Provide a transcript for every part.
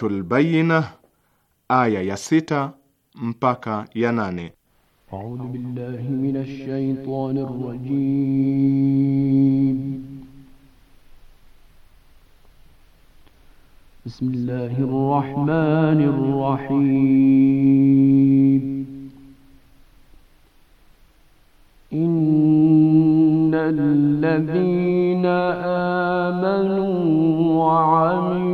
Suratul Bayyina aya ya sita mpaka ya nane. A'udhu billahi minash shaitanir rajim. Bismillahir rahmanir rahim. إن الذين آمنوا وعملوا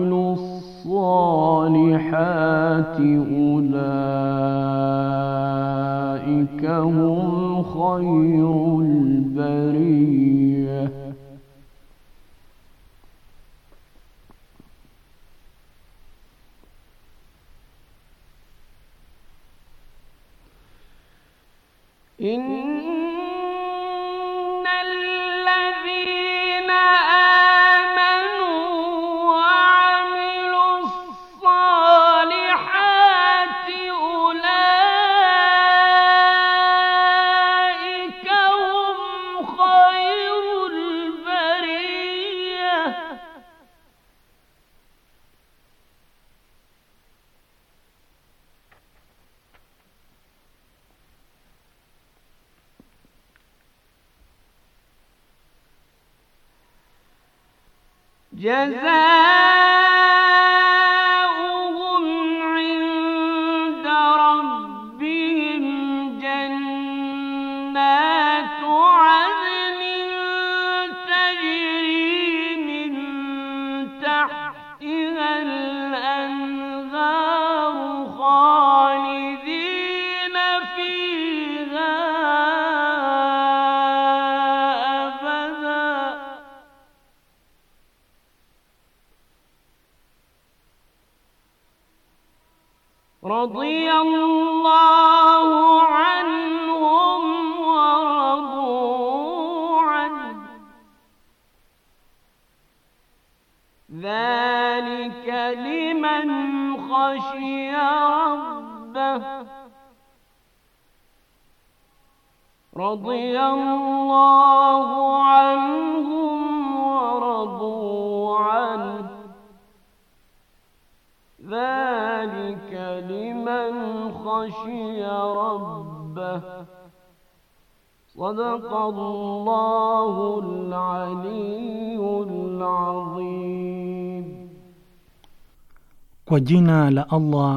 الصالحات أولئك هم خير رضي الله عنهم ورضوا عنه ذلك لمن خشي ربه صدق الله العلي العظيم وجينا لالله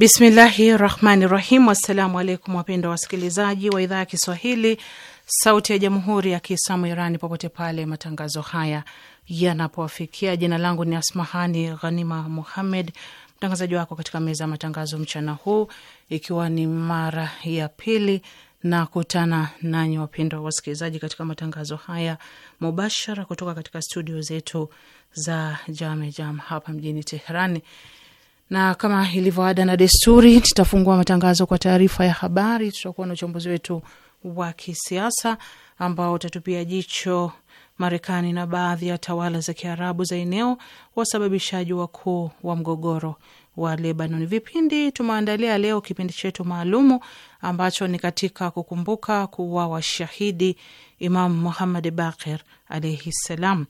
Bismillahi rahmani rahim. Assalamu alaikum wapenda wasikilizaji wa idhaa ya Kiswahili sauti ya jamhuri ya Kiislamu Irani popote pale matangazo haya yanapowafikia. Jina langu ni Asmahani Ghanima Muhammed, mtangazaji wako katika meza ya matangazo mchana huu, ikiwa ni mara ya pili na kutana nanyi wapendwa wasikilizaji katika matangazo haya mubashara kutoka katika studio zetu za Jamejam Jam hapa mjini Teherani na kama ilivyo ada na desturi, tutafungua matangazo kwa taarifa ya habari. Tutakuwa na uchambuzi wetu wa kisiasa ambao utatupia jicho Marekani na baadhi ya tawala za Kiarabu za eneo, wasababishaji wakuu wa mgogoro wa Lebanon. Vipindi tumeandalia leo kipindi chetu maalumu ambacho ni katika kukumbuka kuwa washahidi Imam Muhammad Baqir alaihi ssalam.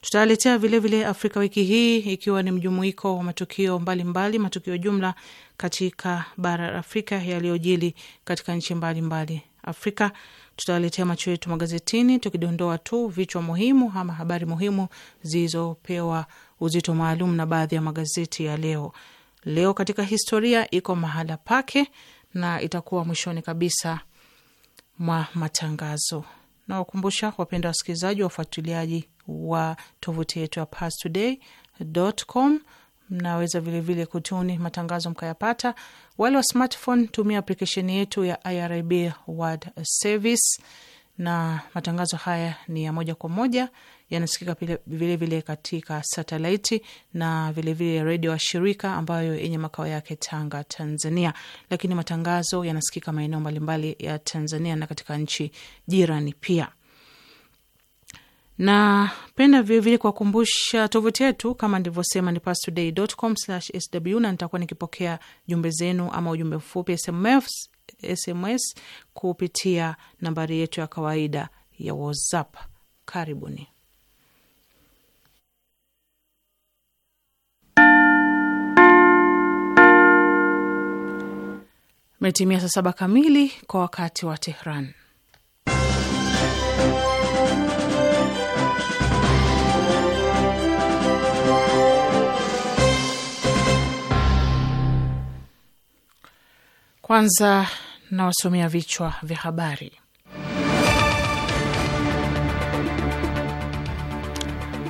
Tutawaletea vilevile Afrika wiki hii, ikiwa ni mjumuiko wa matukio mbalimbali mbali, matukio jumla katika bara la Afrika yaliyojili katika nchi mbalimbali mbali. Afrika tutawaletea macho yetu magazetini, tukidondoa tu vichwa muhimu ama habari muhimu zilizopewa uzito maalum na baadhi ya magazeti ya leo. Leo katika historia iko mahala pake na itakuwa mwishoni kabisa mwa matangazo nawakumbusha wapenda wasikilizaji wafuatiliaji wa tovuti yetu ya pastoday.com. Mnaweza vilevile kutuni matangazo mkayapata. Wale wa smartphone, tumia aplikesheni yetu ya IRIB World Service, na matangazo haya ni ya moja kwa moja yanasikika vilevile vile katika satelaiti na vilevile redio washirika ambayo yenye makao yake Tanga, Tanzania, lakini matangazo yanasikika maeneo mbalimbali ya Tanzania na katika nchi jirani pia. Napenda vilevile kuwakumbusha tovuti yetu kama ndivyosema ni pastoday.com/sw, na nitakuwa nikipokea jumbe zenu ama ujumbe mfupi SMS, SMS kupitia nambari yetu ya kawaida ya WhatsApp. Karibuni. Imetimia saa saba kamili kwa wakati wa Tehran. Kwanza nawasomea vichwa vya habari.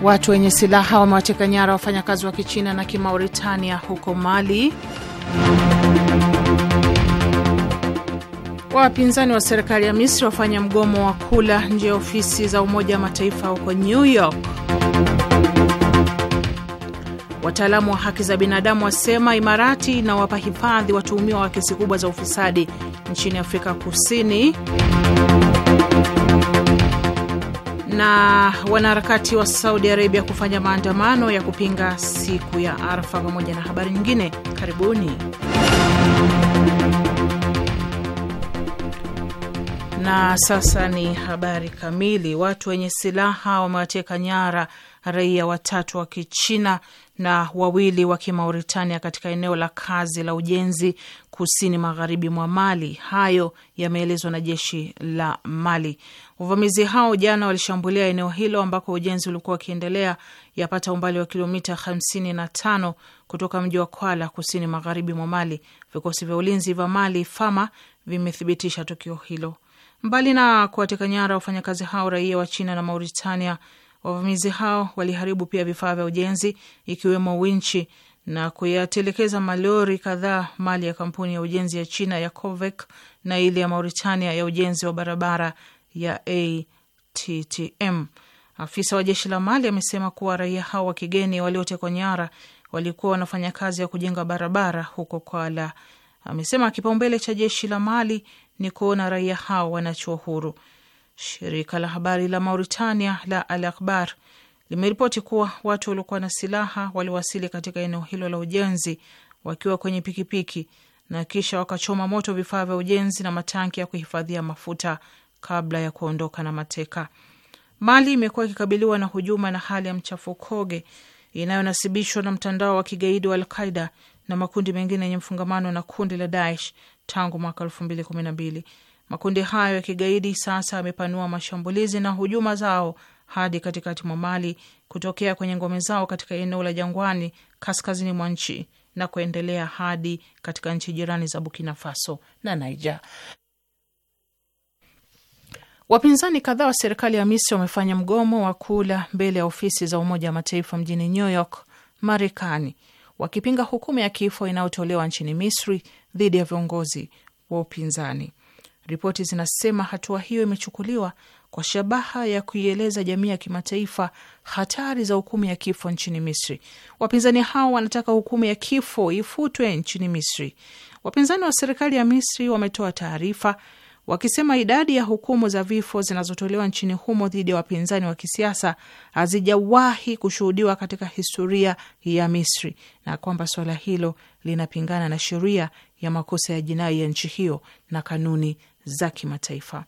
Watu wenye silaha wamewateka nyara wafanyakazi wa Kichina na Kimauritania huko Mali. Wapinzani wa serikali ya Misri wafanya mgomo wa kula nje ya ofisi za Umoja wa Mataifa huko New York. Wataalamu wa haki za binadamu wasema Imarati inawapa hifadhi watuhumiwa wa kesi kubwa za ufisadi nchini Afrika Kusini. Na wanaharakati wa Saudi Arabia kufanya maandamano ya kupinga siku ya Arfa, pamoja na habari nyingine. Karibuni. Na sasa ni habari kamili. Watu wenye silaha wamewateka nyara raia watatu wa Kichina na wawili wa Kimauritania katika eneo la kazi la ujenzi kusini magharibi mwa Mali. Hayo yameelezwa na jeshi la Mali. Wavamizi hao jana walishambulia eneo hilo ambako ujenzi ulikuwa ukiendelea, yapata umbali wa kilomita 55 kutoka mji wa Kwala, kusini magharibi mwa Mali. Vikosi vya ulinzi vya Mali, FAMA, vimethibitisha tukio hilo. Mbali na kuwateka nyara wafanyakazi hao raia wa China na Mauritania, wavamizi hao waliharibu pia vifaa vya ujenzi ikiwemo winchi na kuyatelekeza malori kadhaa mali ya kampuni ya ujenzi ya China ya Covec na ile ya Mauritania ya ujenzi wa barabara ya ATTM. Afisa wa jeshi la Mali amesema kuwa raia hao wa kigeni waliotekwa nyara walikuwa wanafanya kazi ya kujenga barabara huko Kwala. Amesema kipaumbele cha jeshi la Mali ni kuona raia hao wanachiwa huru. Shirika la habari la Mauritania la Al Akbar limeripoti kuwa watu waliokuwa na silaha waliwasili katika eneo hilo la ujenzi wakiwa kwenye pikipiki na kisha wakachoma moto vifaa vya ujenzi na matanki ya kuhifadhia mafuta kabla ya kuondoka na mateka. Mali imekuwa ikikabiliwa na hujuma na hali ya mchafukoge inayonasibishwa na mtandao wa kigaidi wa Alqaida na makundi mengine yenye mfungamano na kundi la Daesh tangu mwaka elfu mbili kumi na mbili. Makundi hayo ya kigaidi sasa yamepanua mashambulizi na hujuma zao hadi katikati mwa Mali kutokea kwenye ngome zao katika eneo la jangwani kaskazini mwa nchi na kuendelea hadi katika nchi jirani za Burkina Faso na Niger. Wapinzani kadhaa wa serikali ya Misri wamefanya mgomo wa kula mbele ya ofisi za Umoja wa Mataifa mjini New York, Marekani, wakipinga hukumu ya kifo inayotolewa nchini Misri dhidi ya viongozi wa upinzani. Ripoti zinasema hatua hiyo imechukuliwa kwa shabaha ya kuieleza jamii ya kimataifa hatari za hukumu ya kifo nchini Misri. Wapinzani hao wanataka hukumu ya kifo ifutwe nchini Misri. Wapinzani wa serikali ya Misri wametoa taarifa wakisema idadi ya hukumu za vifo zinazotolewa nchini humo dhidi ya wapinzani wa kisiasa hazijawahi kushuhudiwa katika historia ya Misri na kwamba suala hilo linapingana na sheria ya makosa ya jinai ya nchi hiyo na kanuni za kimataifa.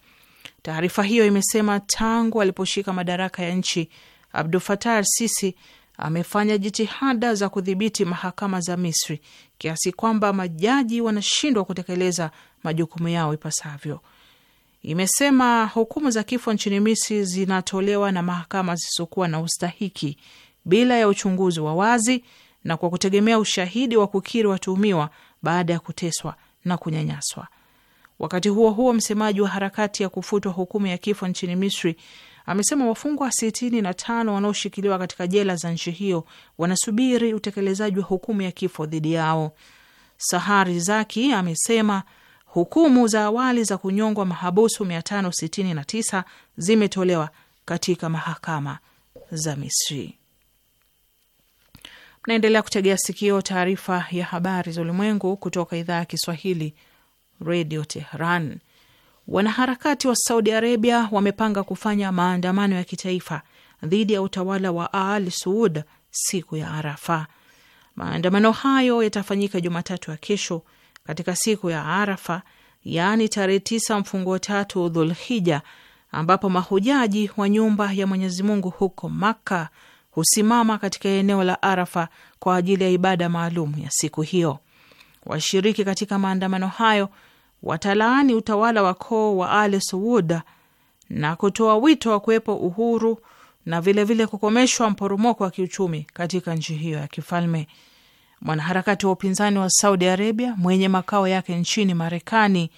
Taarifa hiyo imesema tangu aliposhika madaraka ya nchi Abdul Fattah al-Sisi amefanya jitihada za kudhibiti mahakama za Misri kiasi kwamba majaji wanashindwa kutekeleza majukumu yao ipasavyo. Imesema hukumu za kifo nchini Misri zinatolewa na mahakama zisizokuwa na ustahiki bila ya uchunguzi wa wazi na kwa kutegemea ushahidi wa kukiri watuhumiwa baada ya kuteswa na kunyanyaswa. Wakati huo huo, msemaji wa harakati ya kufutwa hukumu ya kifo nchini Misri amesema wafungwa tano wanaoshikiliwa katika jela za nchi hiyo wanasubiri utekelezaji wa hukumu ya kifo dhidi yao. Sahari Zaki amesema hukumu za awali za kunyongwa mahabusu 569 zimetolewa katika mahakama za Misri. Mnaendelea kutegea sikio taarifa ya habari za ulimwengu kutoka idhaa ya Kiswahili, Redio Tehran. Wanaharakati wa Saudi Arabia wamepanga kufanya maandamano ya kitaifa dhidi ya utawala wa Al Suud siku ya Arafa. Maandamano hayo yatafanyika Jumatatu ya kesho katika siku ya Arafa, yaani tarehe tisa mfungo tatu Dhulhija, ambapo mahujaji wa nyumba ya Mwenyezi Mungu huko Makka husimama katika eneo la Arafa kwa ajili ya ibada maalum ya siku hiyo. Washiriki katika maandamano hayo watalaani utawala wa koo wa Al Suud na kutoa wito wa kuwepo uhuru na vilevile kukomeshwa mporomoko wa kiuchumi katika nchi hiyo ya kifalme. Mwanaharakati wa upinzani wa Saudi Arabia mwenye makao yake nchini Marekani,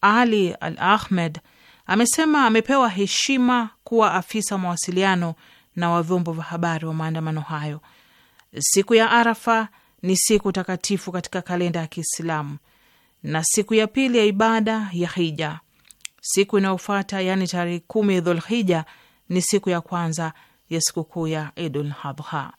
Ali Al Ahmed amesema amepewa heshima kuwa afisa mawasiliano na wa vyombo vya habari wa maandamano hayo. Siku ya Arafa ni siku takatifu katika kalenda ya Kiislamu na siku ya pili ya ibada ya hija. Siku inayofuata yaani tarehe kumi Dhulhija ni siku ya kwanza ya sikukuu ya Idul Adha.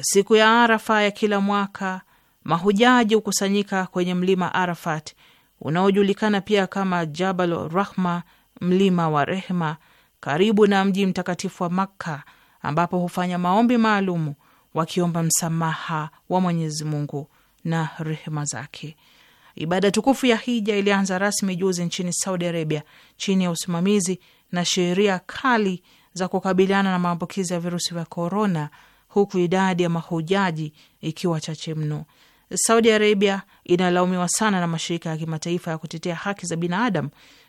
Siku ya Arafa ya kila mwaka mahujaji hukusanyika kwenye mlima Arafat unaojulikana pia kama Jabal Rahma, mlima wa rehma, karibu na mji mtakatifu wa Makka, ambapo hufanya maombi maalumu wakiomba msamaha wa Mwenyezi Mungu na rehema zake. Ibada tukufu ya hija ilianza rasmi juzi nchini Saudi Arabia chini ya usimamizi na sheria kali za kukabiliana na maambukizi ya virusi vya korona, huku idadi ya mahujaji ikiwa chache mno. Saudi Arabia inalaumiwa sana na mashirika ya kimataifa ya kutetea haki za binadamu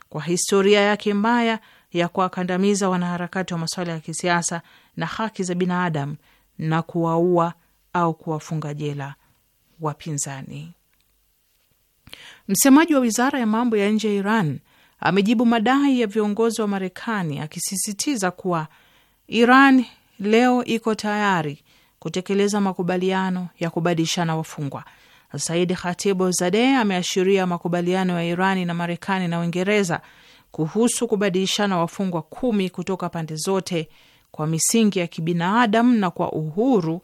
kwa historia yake mbaya ya kuwakandamiza wanaharakati wa masuala ya kisiasa na haki za binadamu na kuwaua au kuwafunga jela wapinzani. Msemaji wa wizara ya mambo ya nje ya Iran amejibu madai ya viongozi wa Marekani akisisitiza kuwa Iran leo iko tayari kutekeleza makubaliano ya kubadilishana wafungwa. Said Khatibu zade ameashiria makubaliano ya Irani na Marekani na Uingereza kuhusu kubadilishana wafungwa kumi kutoka pande zote kwa misingi ya kibinadamu na kwa uhuru,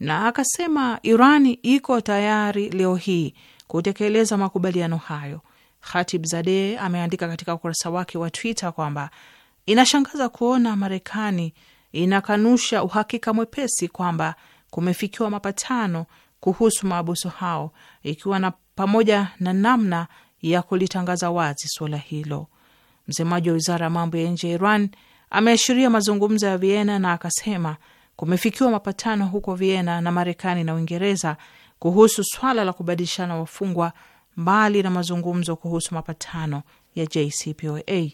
na akasema Irani iko tayari leo hii kutekeleza makubaliano hayo. zade ameandika katika ukurasa wake wa Twitter kwamba inashangaza kuona Marekani inakanusha uhakika mwepesi kwamba kumefikiwa mapatano kuhusu maabuso hao, ikiwa na pamoja na namna ya kulitangaza wazi suala hilo. Msemaji wa wizara ya mambo ya nje ya Iran ameashiria mazungumzo ya Viena na akasema kumefikiwa mapatano huko Viena na Marekani na Uingereza kuhusu swala la kubadilishana wafungwa, mbali na mazungumzo kuhusu mapatano ya JCPOA.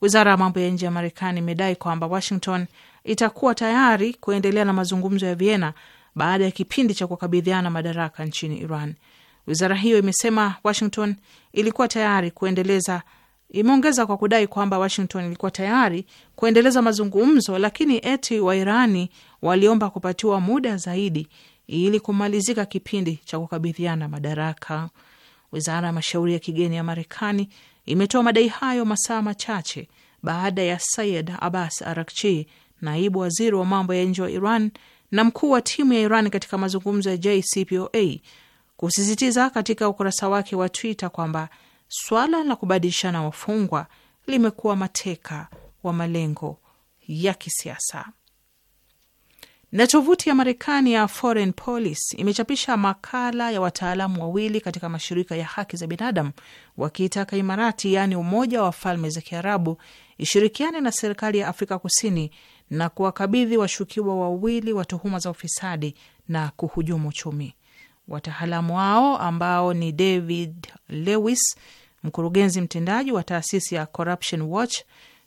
Wizara ya mambo ya nje ya Marekani imedai kwamba Washington itakuwa tayari kuendelea na mazungumzo ya Vienna baada ya kipindi cha kukabidhiana madaraka nchini Iran. Wizara hiyo imesema Washington ilikuwa tayari kuendeleza imeongeza kwa kudai kwamba Washington ilikuwa tayari kuendeleza mazungumzo, lakini eti Wairani waliomba kupatiwa muda zaidi ili kumalizika kipindi cha kukabidhiana madaraka. Wizara ya mashauri ya kigeni ya Marekani imetoa madai hayo masaa machache baada ya Sayed Abbas Arakchi, naibu waziri wa mambo ya nje wa Iran na mkuu wa timu ya Iran katika mazungumzo ya JCPOA kusisitiza katika ukurasa wake wa Twitter kwamba swala la kubadilishana wafungwa limekuwa mateka wa malengo ya kisiasa. Na tovuti ya Marekani ya Foreign Policy imechapisha makala ya wataalamu wawili katika mashirika ya haki za binadamu wakiitaka Imarati, yaani Umoja wa Falme za Kiarabu, ishirikiane na serikali ya Afrika Kusini na kuwakabidhi washukiwa wawili wa tuhuma za ufisadi na kuhujumu uchumi. Wataalamu hao ambao ni David Lewis, mkurugenzi mtendaji wa taasisi ya Corruption Watch,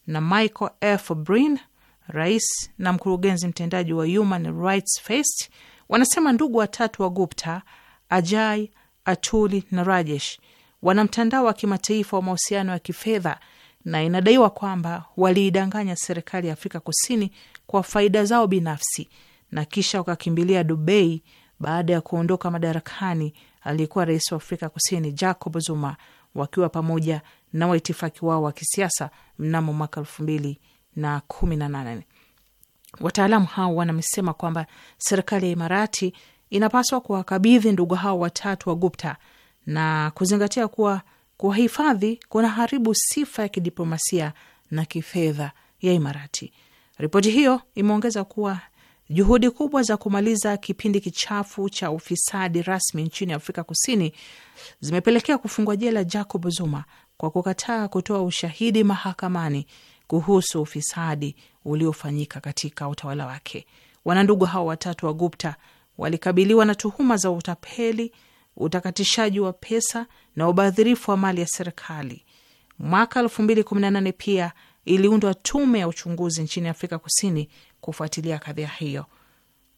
na Michael F. Brin, Rais na mkurugenzi mtendaji wa Human Rights First wanasema ndugu watatu wa Gupta, Ajay, Atuli na Rajesh wana mtandao wa kimataifa wa mahusiano ya kifedha na inadaiwa kwamba waliidanganya serikali ya Afrika Kusini kwa faida zao binafsi na kisha wakakimbilia Dubai baada ya kuondoka madarakani aliyekuwa rais wa Afrika Kusini Jacob Zuma wakiwa pamoja na waitifaki wao wa kisiasa mnamo mwaka elfu mbili na kumi na nane. Wataalamu hao wanamesema kwamba serikali ya Imarati inapaswa kuwakabidhi ndugu hao watatu wa Gupta na kuzingatia kuwa kuwahifadhi haribu sifa ya kidiplomasia na kifedha ya Imarati. Ripoti hiyo imeongeza kuwa juhudi kubwa za kumaliza kipindi kichafu cha ufisadi rasmi nchini Afrika Kusini zimepelekea kufungwa jela Jacob Zuma kwa kukataa kutoa ushahidi mahakamani kuhusu ufisadi uliofanyika katika utawala wake. Wanandugu hao watatu wa Gupta walikabiliwa na tuhuma za utapeli, utakatishaji wa pesa na ubadhirifu wa mali ya serikali. Mwaka 2018 pia iliundwa tume ya uchunguzi nchini Afrika Kusini kufuatilia kadhia hiyo.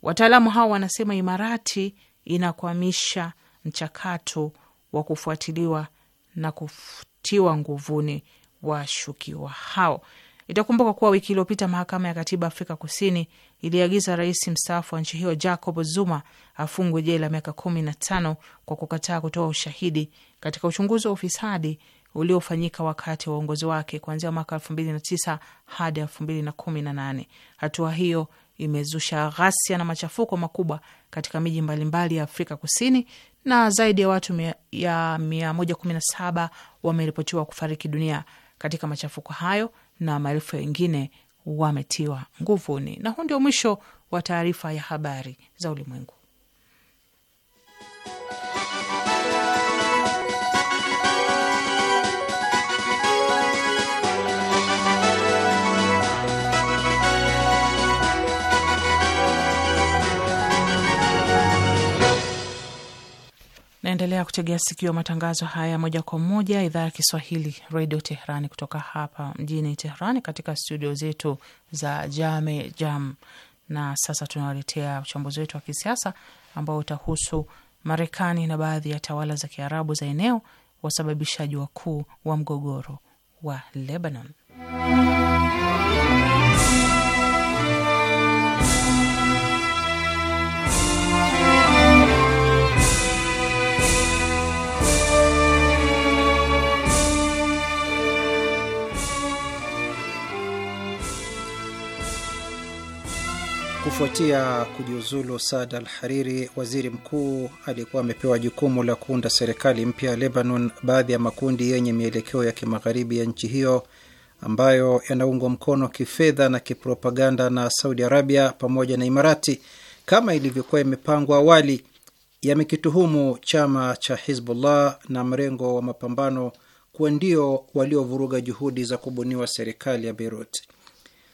Wataalamu hao wanasema Imarati inakwamisha mchakato wa kufuatiliwa na kutiwa nguvuni washukiwa hao. Itakumbuka kuwa wiki iliyopita mahakama ya katiba Afrika Kusini iliagiza rais mstaafu wa nchi hiyo Jacob Zuma afungwe jela miaka kumi na tano kwa kukataa kutoa ushahidi katika uchunguzi wa ufisadi uliofanyika wakati wa uongozi wake kuanzia mwaka elfu mbili na tisa hadi elfu mbili na kumi na nane. Hatua hiyo imezusha ghasia na machafuko makubwa katika miji mbalimbali ya Afrika Kusini na zaidi ya watu mia, ya mia moja kumi na saba wameripotiwa kufariki dunia katika machafuko hayo na maelfu wengine wametiwa nguvuni. Na huu ndio mwisho wa taarifa ya habari za ulimwengu. Naendelea kutegea sikio matangazo haya moja kwa moja, idhaa ya Kiswahili redio Teherani, kutoka hapa mjini Teherani, katika studio zetu za Jame Jam. Na sasa tunawaletea uchambuzi wetu wa kisiasa ambao utahusu Marekani na baadhi ya tawala za kiarabu za eneo, wasababishaji wakuu wa mgogoro wa Lebanon. Kufuatia kujiuzulu Saad al Hariri, waziri mkuu aliyekuwa amepewa jukumu la kuunda serikali mpya ya Lebanon, baadhi ya makundi yenye mielekeo ya kimagharibi ya nchi hiyo ambayo yanaungwa mkono kifedha na kipropaganda na Saudi Arabia pamoja na Imarati, kama ilivyokuwa imepangwa awali, yamekituhumu chama cha Hizbullah na mrengo wa mapambano kuwa ndio waliovuruga juhudi za kubuniwa serikali ya Beirut.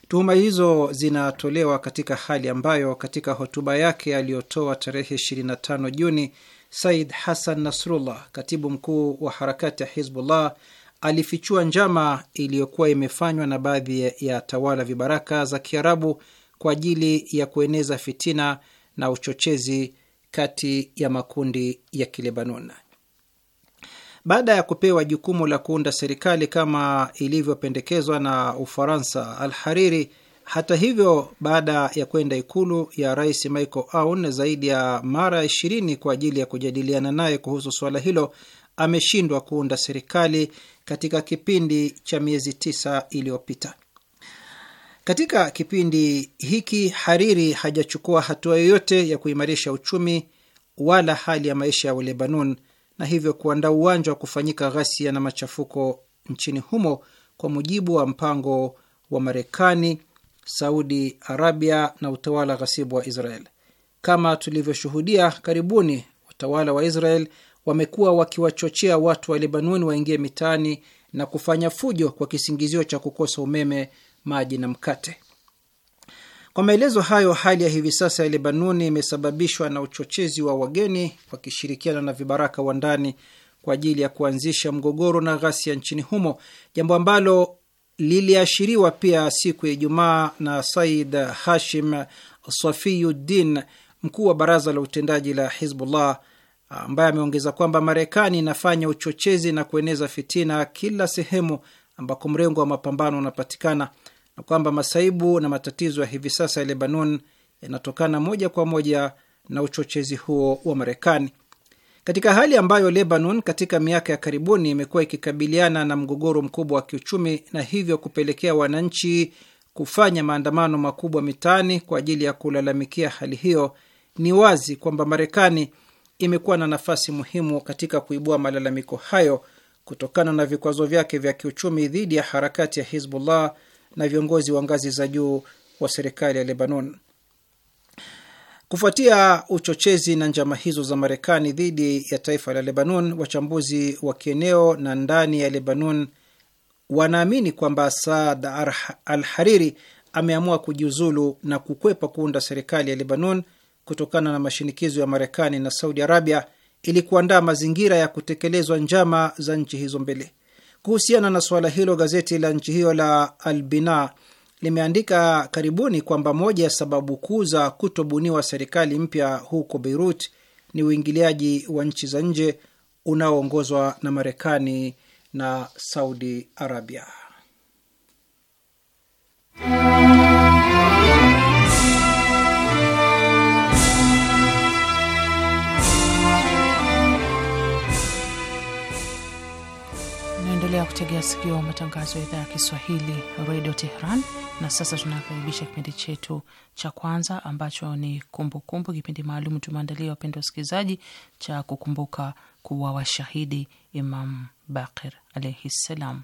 Tuhuma hizo zinatolewa katika hali ambayo katika hotuba yake aliyotoa tarehe 25 Juni, Said Hassan Nasrullah, katibu mkuu wa harakati ya Hizbullah, alifichua njama iliyokuwa imefanywa na baadhi ya tawala vibaraka za Kiarabu kwa ajili ya kueneza fitina na uchochezi kati ya makundi ya Kilebanon. Baada ya kupewa jukumu la kuunda serikali kama ilivyopendekezwa na Ufaransa, Alhariri hata hivyo, baada ya kwenda ikulu ya rais Michael Aoun zaidi ya mara ishirini kwa ajili ya kujadiliana naye kuhusu suala hilo, ameshindwa kuunda serikali katika kipindi cha miezi tisa iliyopita. Katika kipindi hiki, Hariri hajachukua hatua yoyote ya kuimarisha uchumi wala hali ya maisha ya Lebanon na hivyo kuandaa uwanja wa kufanyika ghasia na machafuko nchini humo kwa mujibu wa mpango wa Marekani, Saudi Arabia na utawala ghasibu wa Israel. Kama tulivyoshuhudia karibuni, utawala wa Israel wamekuwa wakiwachochea watu wa Lebanoni waingie mitaani na kufanya fujo kwa kisingizio cha kukosa umeme, maji na mkate. Kwa maelezo hayo, hali ya hivi sasa ya Lebanuni imesababishwa na uchochezi wa wageni wakishirikiana na vibaraka wa ndani kwa ajili ya kuanzisha mgogoro na ghasia nchini humo, jambo ambalo liliashiriwa pia siku ya Ijumaa na Said Hashim Safiyuddin, mkuu wa baraza la utendaji la Hizbullah, ambaye ameongeza kwamba Marekani inafanya uchochezi na kueneza fitina kila sehemu ambako mrengo wa mapambano unapatikana na kwamba masaibu na matatizo ya hivi sasa ya Lebanon yanatokana moja kwa moja na uchochezi huo wa Marekani. Katika hali ambayo Lebanon katika miaka ya karibuni imekuwa ikikabiliana na mgogoro mkubwa wa kiuchumi na hivyo kupelekea wananchi kufanya maandamano makubwa mitaani kwa ajili ya kulalamikia hali hiyo, ni wazi kwamba Marekani imekuwa na nafasi muhimu katika kuibua malalamiko hayo kutokana na vikwazo vyake vya kiuchumi dhidi ya harakati ya Hizbullah na viongozi wa ngazi za juu wa serikali ya Lebanon. Kufuatia uchochezi na njama hizo za Marekani dhidi ya taifa la Lebanon, wachambuzi wa kieneo na ndani ya Lebanon wanaamini kwamba Saad al Hariri ameamua kujiuzulu na kukwepa kuunda serikali ya Lebanon kutokana na mashinikizo ya Marekani na Saudi Arabia ili kuandaa mazingira ya kutekelezwa njama za nchi hizo mbili. Kuhusiana na suala hilo, gazeti la nchi hiyo la Albina limeandika karibuni kwamba moja ya sababu kuu za kutobuniwa serikali mpya huko Beirut ni uingiliaji wa nchi za nje unaoongozwa na Marekani na Saudi Arabia. Naendelea kutegea sikio matangazo ya idhaa ya Kiswahili redio Tehran. Na sasa tunakaribisha kipindi chetu cha kwanza ambacho ni kumbukumbu kumbu, kipindi maalum tumeandalia wapendwa wasikilizaji cha kukumbuka kuwa washahidi Imam Bakir alaihi ssalam.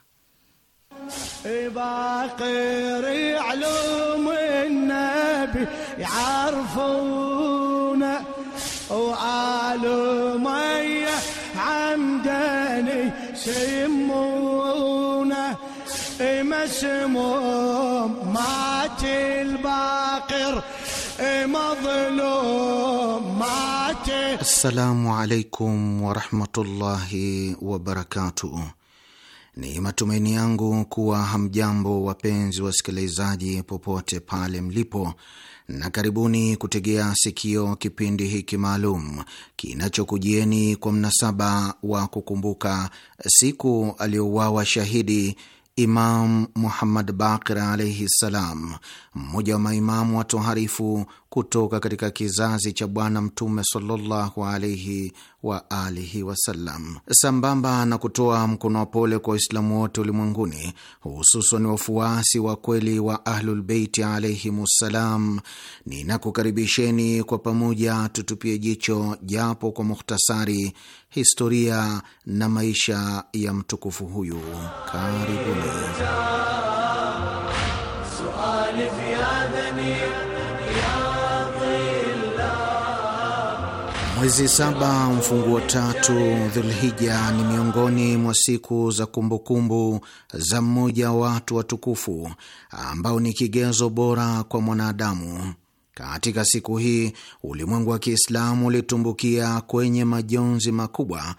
يسمونه مسموم مات الباقر مظلوم مات السلام عليكم ورحمة الله وبركاته Ni matumaini yangu kuwa hamjambo wapenzi wasikilizaji, popote pale mlipo na karibuni kutegea sikio kipindi hiki maalum kinachokujieni kwa mnasaba wa kukumbuka siku aliyouawa shahidi Imam Muhammad Baqir alaihi ssalam, mmoja wa maimamu watoharifu kutoka katika kizazi cha Bwana Mtume sallallahu alaihi wa alihi wasallam, sambamba na kutoa mkono wa pole kwa Waislamu wote ulimwenguni, hususan wafuasi wa kweli wa Ahlulbeiti alaihimussalam. Ninakukaribisheni kwa pamoja tutupie jicho japo kwa mukhtasari historia na maisha ya mtukufu huyu. Karibuni. Mwezi saba wa tatu Dhulhija ni miongoni mwa siku za kumbukumbu kumbu za mmoja wa watu watukufu ambao ni kigezo bora kwa mwanadamu. Katika siku hii ulimwengu wa Kiislamu ulitumbukia kwenye majonzi makubwa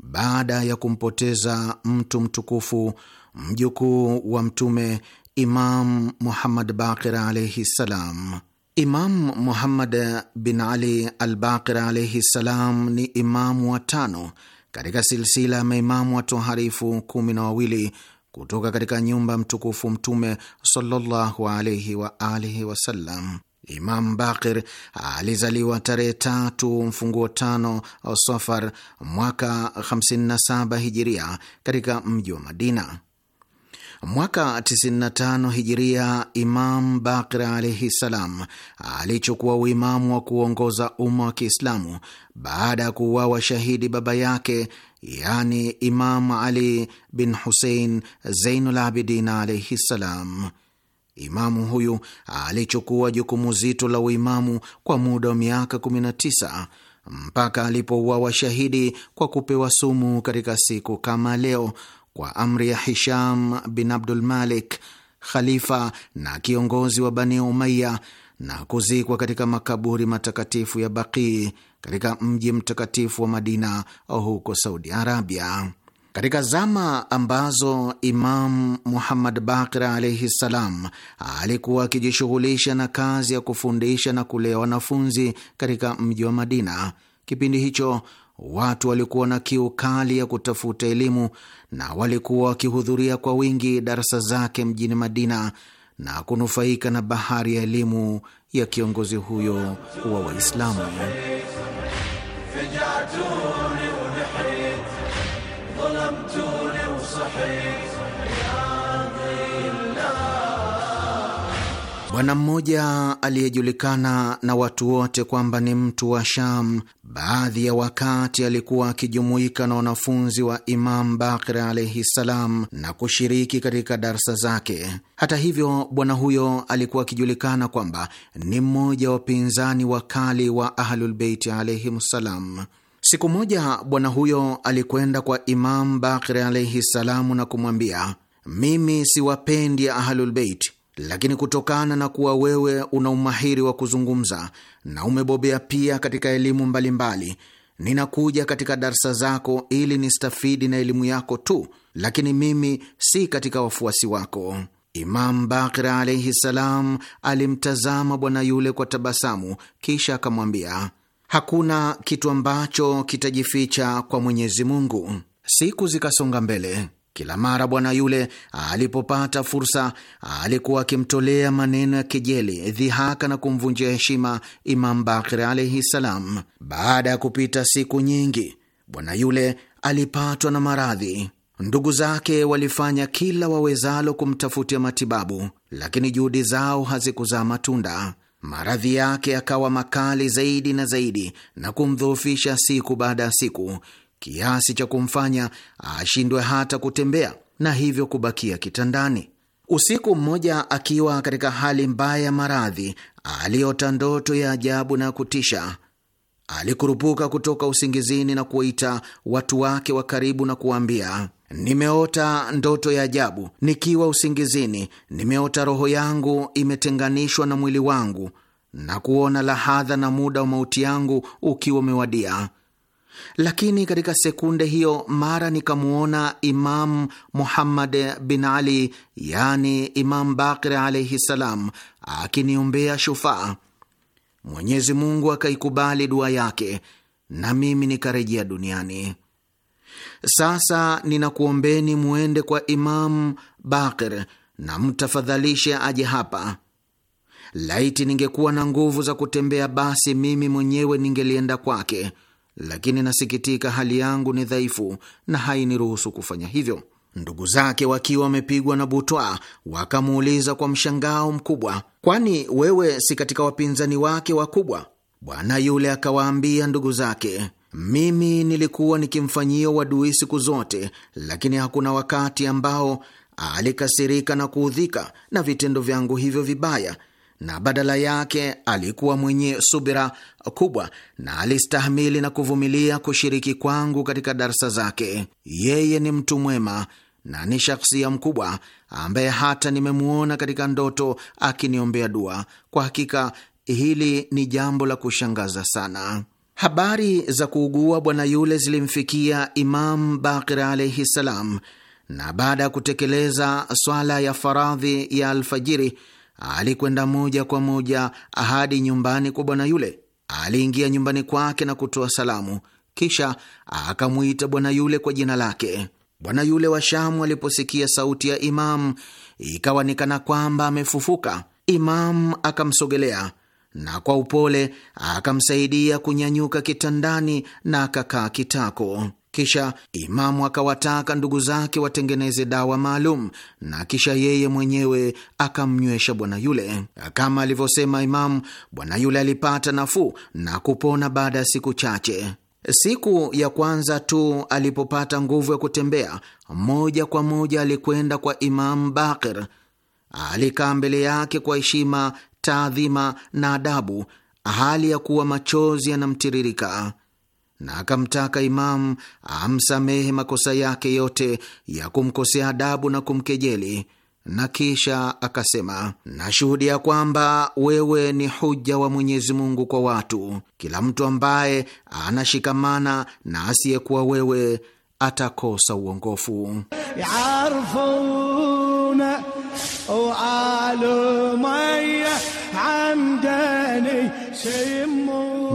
baada ya kumpoteza mtu mtukufu, mjukuu wa Mtume Imam Muhammad Bakir alaihi ssalam. Imam Muhammad bin Ali Albaqir alaihi ssalam ni imamu wa tano katika silsila ya maimamu watoharifu kumi na wawili kutoka katika nyumba ya mtukufu Mtume sallallahu alaihi wa alihi wasallam. Imam Bakir alizaliwa tarehe tatu mfunguo tano Safar mwaka 57 hijiria katika mji wa Madina. Mwaka 95 hijiria, Imam Bakir alaihi ssalam alichukua uimamu wa kuongoza umma wa Kiislamu baada ya kuuawa shahidi baba yake, yani Imam Ali bin Husein Zeinul Abidin alaihi ssalam. Imamu huyu alichukua jukumu zito la uimamu kwa muda wa miaka 19 mpaka alipouawa shahidi kwa kupewa sumu katika siku kama leo kwa amri ya Hisham bin Abdul Malik, khalifa na kiongozi wa Bani Umaya, na kuzikwa katika makaburi matakatifu ya Baqii katika mji mtakatifu wa Madina huko Saudi Arabia. Katika zama ambazo Imam Muhammad Baqir alaihi ssalam alikuwa akijishughulisha na kazi ya kufundisha na kulea wanafunzi katika mji wa Madina, kipindi hicho watu walikuwa na kiu kali ya kutafuta elimu na walikuwa wakihudhuria kwa wingi darasa zake mjini Madina na kunufaika na bahari ya elimu ya kiongozi huyo wa Waislamu. Bwana mmoja aliyejulikana na watu wote kwamba ni mtu wa Sham, baadhi ya wakati alikuwa akijumuika na wanafunzi wa Imam Bakir alaihi ssalam na kushiriki katika darsa zake. Hata hivyo, bwana huyo alikuwa akijulikana kwamba ni mmoja wa wapinzani wakali wa Ahlulbeiti alaihim ssalam. Siku moja bwana huyo alikwenda kwa Imam Bakir alaihi ssalamu na kumwambia, mimi siwapendi Ahlulbeiti lakini kutokana na kuwa wewe una umahiri wa kuzungumza na umebobea pia katika elimu mbalimbali, ninakuja katika darsa zako ili nistafidi na elimu yako tu, lakini mimi si katika wafuasi wako. imamu Bakir alaihi salam alimtazama bwana yule kwa tabasamu, kisha akamwambia, hakuna kitu ambacho kitajificha kwa Mwenyezi Mungu. Siku zikasonga mbele. Kila mara bwana yule alipopata fursa, alikuwa akimtolea maneno ya kejeli, dhihaka na kumvunjia heshima Imam Bakir alaihi ssalam Baada ya kupita siku nyingi, bwana yule alipatwa na maradhi. Ndugu zake walifanya kila wawezalo kumtafutia matibabu, lakini juhudi zao hazikuzaa matunda. Maradhi yake yakawa makali zaidi na zaidi na kumdhoofisha siku baada ya siku, kiasi cha kumfanya ashindwe hata kutembea na hivyo kubakia kitandani. Usiku mmoja, akiwa katika hali mbaya ya maradhi, aliota ndoto ya ajabu na kutisha. Alikurupuka kutoka usingizini na kuwaita watu wake wa karibu na kuwaambia, nimeota ndoto ya ajabu. Nikiwa usingizini, nimeota roho yangu imetenganishwa na mwili wangu na kuona lahadha na muda wa mauti yangu ukiwa umewadia lakini katika sekunde hiyo mara nikamwona Imam Muhammad bin Ali, yani Imam Bakir alaihi salam, akiniombea shufaa. Mwenyezi Mungu akaikubali dua yake na mimi nikarejea duniani. Sasa ninakuombeni mwende kwa Imam Bakir na mtafadhalishe aje hapa. Laiti ningekuwa na nguvu za kutembea, basi mimi mwenyewe ningelienda kwake lakini nasikitika, hali yangu ni dhaifu na hainiruhusu kufanya hivyo. Ndugu zake wakiwa wamepigwa na butwa, wakamuuliza kwa mshangao mkubwa, kwani wewe si katika wapinzani wake wakubwa? Bwana yule akawaambia ndugu zake, mimi nilikuwa nikimfanyia wadui siku zote, lakini hakuna wakati ambao alikasirika na kuudhika na vitendo vyangu hivyo vibaya na badala yake alikuwa mwenye subira kubwa na alistahimili na kuvumilia kushiriki kwangu katika darsa zake. Yeye ni mtu mwema na ni shakhsia mkubwa ambaye hata nimemwona katika ndoto akiniombea dua. Kwa hakika hili ni jambo la kushangaza sana. Habari za kuugua bwana yule zilimfikia Imam Bakir alaihi ssalam, na baada ya kutekeleza swala ya faradhi ya alfajiri alikwenda moja kwa moja hadi nyumbani kwa bwana yule. Aliingia nyumbani kwake na kutoa salamu, kisha akamwita bwana yule kwa jina lake. Bwana yule wa Shamu aliposikia sauti ya Imamu ikawa ni kana kwamba amefufuka. Imamu akamsogelea na kwa upole akamsaidia kunyanyuka kitandani na akakaa kitako. Kisha Imamu akawataka ndugu zake watengeneze dawa maalum na kisha yeye mwenyewe akamnywesha bwana yule. Kama alivyosema Imamu, bwana yule alipata nafuu na kupona baada ya siku chache. Siku ya kwanza tu alipopata nguvu ya kutembea, moja kwa moja alikwenda kwa Imamu Bakir. Alikaa mbele yake kwa heshima, taadhima na adabu, hali ya kuwa machozi yanamtiririka na akamtaka Imamu amsamehe makosa yake yote ya kumkosea adabu na kumkejeli, na kisha akasema, nashuhudia kwamba wewe ni huja wa Mwenyezi Mungu kwa watu. Kila mtu ambaye anashikamana na asiyekuwa wewe atakosa uongofu.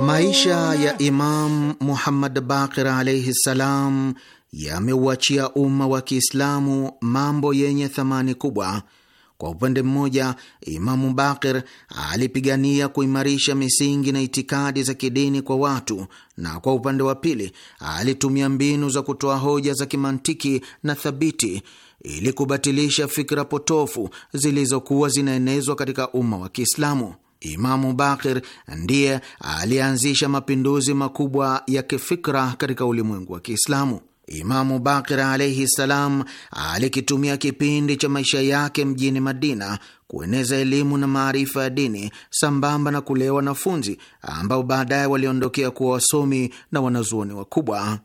Maisha ya Imam Muhammad Baqir alaihi ssalam yameuachia umma wa Kiislamu mambo yenye thamani kubwa. Kwa upande mmoja, Imamu Bakir alipigania kuimarisha misingi na itikadi za kidini kwa watu, na kwa upande wa pili alitumia mbinu za kutoa hoja za kimantiki na thabiti ili kubatilisha fikra potofu zilizokuwa zinaenezwa katika umma wa Kiislamu. Imamu Bakir ndiye alianzisha mapinduzi makubwa ya kifikra katika ulimwengu wa Kiislamu. Imamu Bakir alaihi ssalam alikitumia kipindi cha maisha yake mjini Madina kueneza elimu na maarifa ya dini sambamba na kulea wanafunzi ambao baadaye waliondokea kuwa wasomi na wanazuoni wakubwa.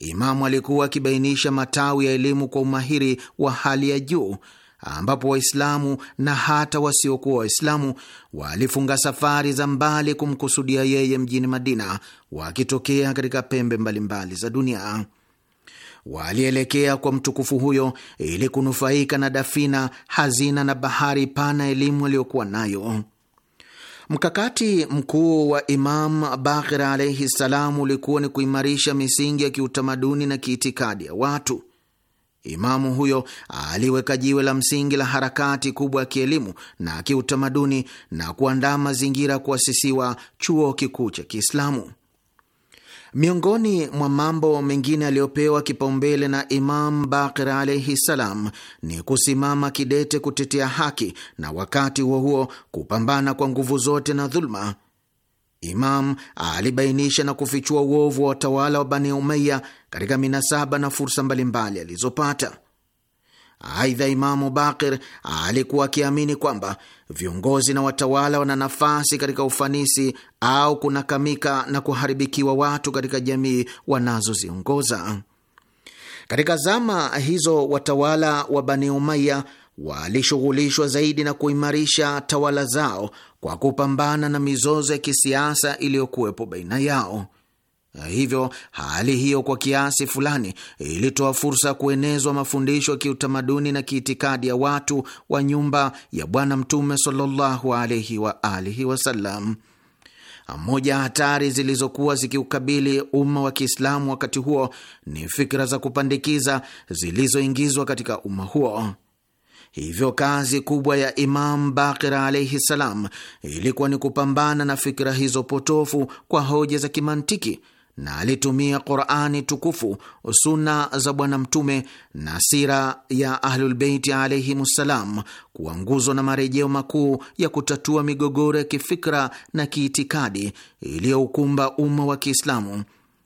Imamu alikuwa akibainisha matawi ya elimu kwa umahiri wa hali ya juu ambapo Waislamu na hata wasiokuwa Waislamu walifunga safari za mbali kumkusudia yeye mjini Madina, wakitokea katika pembe mbalimbali mbali za dunia. Walielekea kwa mtukufu huyo ili kunufaika na dafina, hazina na bahari pana elimu aliyokuwa nayo. Mkakati mkuu wa Imam Bakir alaihi ssalam ulikuwa ni kuimarisha misingi ya kiutamaduni na kiitikadi ya watu Imamu huyo aliweka jiwe la msingi la harakati kubwa ya kielimu na kiutamaduni na kuandaa mazingira kuasisiwa chuo kikuu cha Kiislamu. Miongoni mwa mambo mengine aliyopewa kipaumbele na Imam Bakir alaihi salam ni kusimama kidete kutetea haki na wakati huo huo kupambana kwa nguvu zote na dhuluma. Imam alibainisha na kufichua uovu wa watawala wa Bani umeya katika minasaba na fursa mbalimbali alizopata. Aidha, Imamu Bakir alikuwa akiamini kwamba viongozi na watawala wana nafasi katika ufanisi au kunakamika na kuharibikiwa watu katika jamii wanazoziongoza. Katika zama hizo watawala wa Bani Umaya walishughulishwa zaidi na kuimarisha tawala zao kwa kupambana na mizozo ya kisiasa iliyokuwepo baina yao. Hivyo hali hiyo kwa kiasi fulani ilitoa fursa ya kuenezwa mafundisho ya kiutamaduni na kiitikadi ya watu wa nyumba ya Bwana Mtume sallallahu alaihi wa alihi wasallam. Moja hatari zilizokuwa zikiukabili umma wa Kiislamu wakati huo ni fikra za kupandikiza zilizoingizwa katika umma huo. Hivyo kazi kubwa ya Imam Bakir alaihi salam ilikuwa ni kupambana na fikira hizo potofu kwa hoja za kimantiki na alitumia Qurani tukufu, suna za Bwana Mtume na sira ya Ahlulbeiti alaihimussalam kuwa nguzo na marejeo makuu ya kutatua migogoro ya kifikra na kiitikadi iliyoukumba umma wa Kiislamu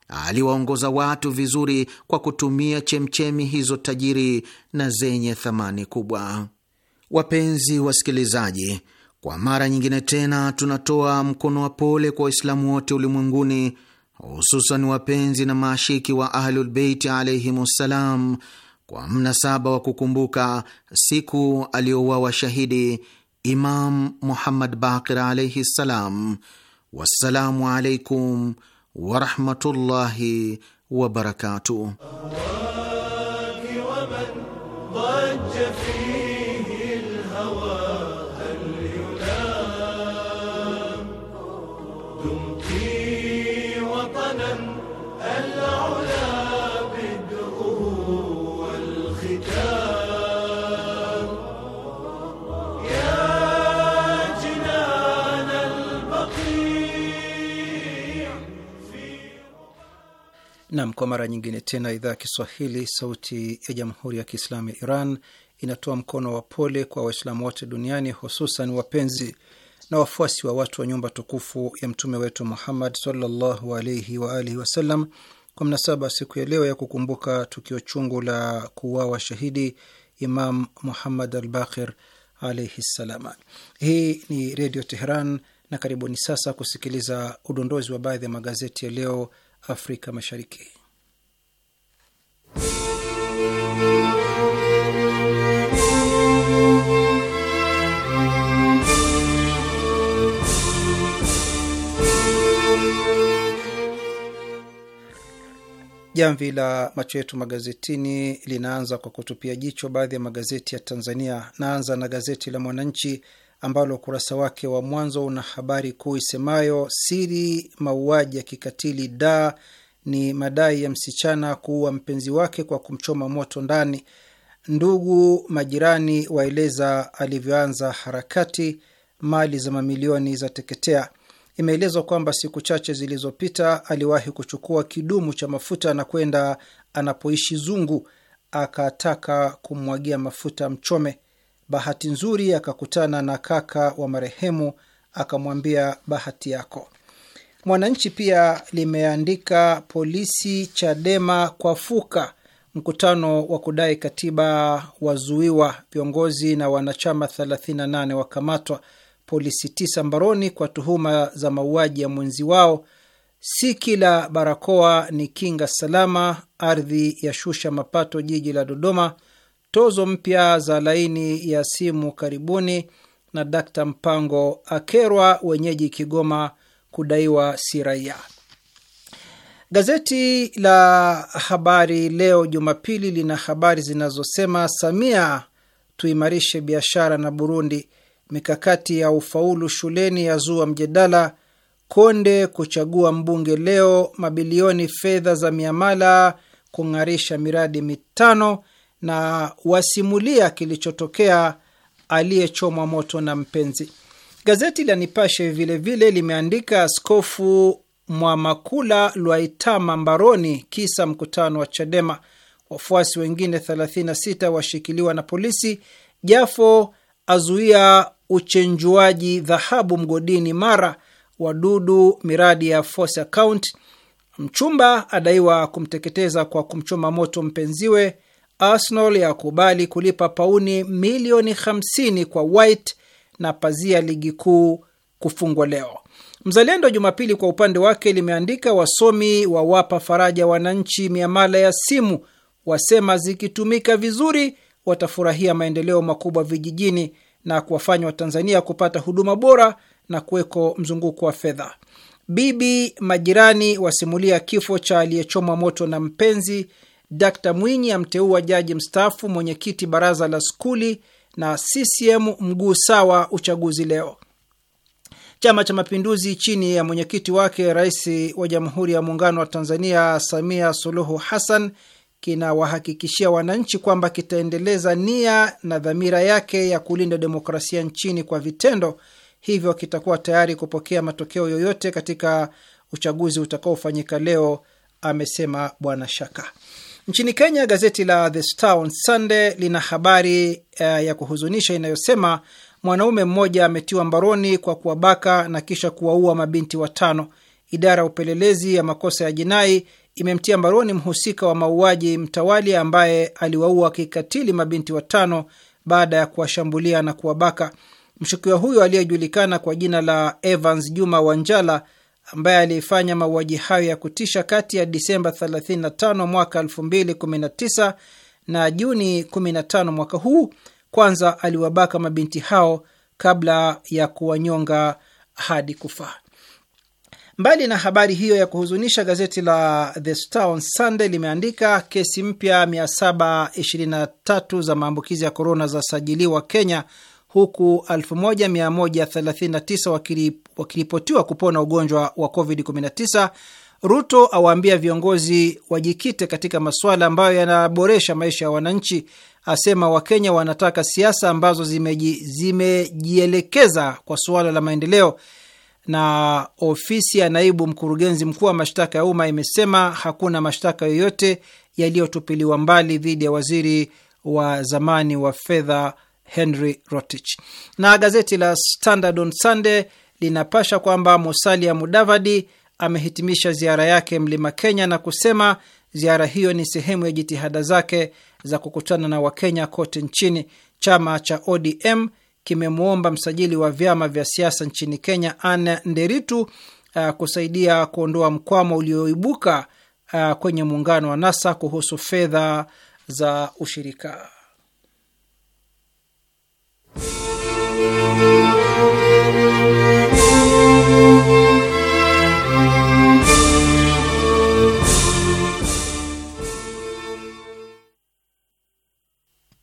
aliwaongoza watu vizuri kwa kutumia chemchemi hizo tajiri na zenye thamani kubwa. Wapenzi wasikilizaji, kwa mara nyingine tena tunatoa mkono wa pole kwa Waislamu wote ulimwenguni, hususan wapenzi na maashiki wa Ahlulbeiti alaihim ssalam, kwa mnasaba wa kukumbuka siku aliyouawa shahidi Imam Muhammad Bakir alaihi ssalam. Wassalamu alaikum ورحمة الله وبركاته Nam, kwa mara nyingine tena, idhaa ya Kiswahili sauti ya jamhuri ya kiislamu ya Iran inatoa mkono wa pole kwa Waislamu wote duniani, hususan wapenzi na wafuasi wa watu wa nyumba tukufu ya mtume wetu Muhammad sallallahu alaihi wa alihi wasallam kwa mnasaba siku ya leo ya kukumbuka tukio chungu la kuuawa shahidi Imam Muhammad al Baqir alaihi ssalam. Hii ni Redio Teheran na karibuni sasa kusikiliza udondozi wa baadhi ya magazeti ya leo Afrika Mashariki. Jamvi la macho yetu magazetini linaanza kwa kutupia jicho baadhi ya magazeti ya Tanzania. Naanza na gazeti la Mwananchi ambalo ukurasa wake wa mwanzo una habari kuu isemayo siri mauaji ya kikatili da ni madai ya msichana kuua mpenzi wake kwa kumchoma moto ndani. Ndugu majirani waeleza alivyoanza harakati, mali za mamilioni za teketea. Imeelezwa kwamba siku chache zilizopita aliwahi kuchukua kidumu cha mafuta na kwenda anapoishi zungu, akataka kumwagia mafuta mchome. Bahati nzuri akakutana na kaka wa marehemu, akamwambia bahati yako. Mwananchi pia limeandika polisi Chadema kwa fuka, mkutano wa kudai katiba wazuiwa, viongozi na wanachama 38 wakamatwa, polisi tisa mbaroni kwa tuhuma za mauaji ya mwenzi wao. Si kila barakoa ni kinga salama, ardhi ya shusha mapato, jiji la Dodoma tozo mpya za laini ya simu karibuni, na d Mpango akerwa wenyeji Kigoma kudaiwa si raia. Gazeti la Habari Leo Jumapili lina habari zinazosema Samia, tuimarishe biashara na Burundi, mikakati ya ufaulu shuleni ya zua mjadala, Konde kuchagua mbunge leo, mabilioni fedha za miamala kung'arisha miradi mitano na wasimulia kilichotokea aliyechomwa moto na mpenzi. Gazeti la Nipashe vilevile limeandika Askofu Mwamakula Lwaitama mbaroni kisa mkutano wa Chadema, wafuasi wengine 36 washikiliwa na polisi, Jafo azuia uchenjuaji dhahabu mgodini Mara, wadudu miradi ya Force Account, mchumba adaiwa kumteketeza kwa kumchoma moto mpenziwe Arsenal yakubali kulipa pauni milioni 50 kwa White na pazia ligi kuu kufungwa leo. Mzalendo Jumapili kwa upande wake limeandika wasomi wawapa faraja wananchi miamala ya simu, wasema zikitumika vizuri watafurahia maendeleo makubwa vijijini na kuwafanya Watanzania kupata huduma bora na kuweko mzunguko wa fedha. Bibi majirani wasimulia kifo cha aliyechomwa moto na mpenzi Dkt Mwinyi amteua jaji mstaafu mwenyekiti baraza la skuli, na CCM mguu sawa uchaguzi leo. Chama cha Mapinduzi chini ya mwenyekiti wake Rais wa Jamhuri ya Muungano wa Tanzania Samia Suluhu Hassan kinawahakikishia wananchi kwamba kitaendeleza nia na dhamira yake ya kulinda demokrasia nchini kwa vitendo, hivyo kitakuwa tayari kupokea matokeo yoyote katika uchaguzi utakaofanyika leo, amesema Bwana Shaka. Nchini Kenya, gazeti la The Star on Sunday lina habari uh, ya kuhuzunisha inayosema mwanaume mmoja ametiwa mbaroni kwa kuwabaka na kisha kuwaua mabinti watano. Idara ya upelelezi ya makosa ya jinai imemtia mbaroni mhusika wa mauaji mtawali ambaye aliwaua kikatili mabinti watano baada ya kuwashambulia na kuwabaka. Mshukiwa huyo aliyejulikana kwa jina la Evans Juma Wanjala ambaye alifanya mauaji hayo ya kutisha kati ya Disemba 35 mwaka 2019 na Juni 15 mwaka huu, kwanza aliwabaka mabinti hao kabla ya kuwanyonga hadi kufa. Mbali na habari hiyo ya kuhuzunisha, gazeti la The Star on Sunday limeandika kesi mpya 723 za maambukizi ya korona zasajiliwa Kenya huku 1139 wakiripotiwa kupona ugonjwa wa COVID-19. Ruto awaambia viongozi wajikite katika masuala ambayo yanaboresha maisha ya wananchi. Asema Wakenya wanataka siasa ambazo zimejielekeza zime kwa suala la maendeleo. Na ofisi ya naibu mkurugenzi mkuu wa mashtaka ya umma imesema hakuna mashtaka yoyote yaliyotupiliwa mbali dhidi ya waziri wa zamani wa fedha Henry Rotich. Na gazeti la Standard on Sunday linapasha kwamba Musalia Mudavadi amehitimisha ziara yake mlima Kenya na kusema ziara hiyo ni sehemu ya jitihada zake za kukutana na Wakenya kote nchini. Chama cha ODM kimemwomba msajili wa vyama vya siasa nchini Kenya Anne Nderitu uh, kusaidia kuondoa mkwamo ulioibuka uh, kwenye muungano wa NASA kuhusu fedha za ushirika.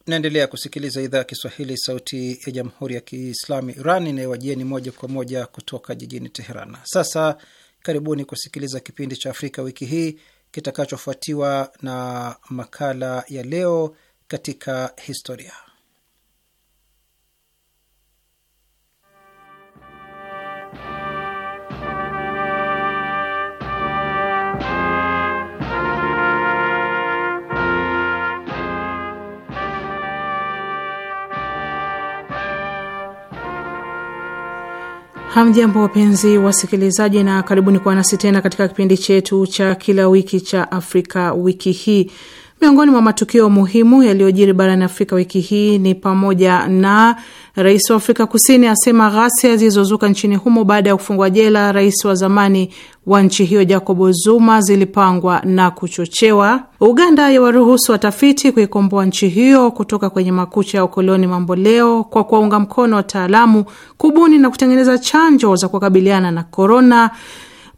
Naendelea kusikiliza idhaa ya Kiswahili, sauti ya jamhuri ya kiislamu Iran inayowajieni moja kwa moja kutoka jijini Teheran. Sasa karibuni kusikiliza kipindi cha Afrika wiki hii kitakachofuatiwa na makala ya leo katika historia. Hamjambo, wapenzi wasikilizaji, na karibuni kwa nasi tena katika kipindi chetu cha kila wiki cha Afrika wiki hii. Miongoni mwa matukio muhimu yaliyojiri barani Afrika wiki hii ni pamoja na rais wa Afrika Kusini asema ghasia zilizozuka nchini humo baada ya kufungwa jela rais wa zamani wa nchi hiyo Jacobo Zuma zilipangwa na kuchochewa. Uganda yawaruhusu watafiti kuikomboa nchi hiyo kutoka kwenye makucha ya ukoloni mamboleo kwa kuwaunga mkono wataalamu kubuni na kutengeneza chanjo za kukabiliana na korona.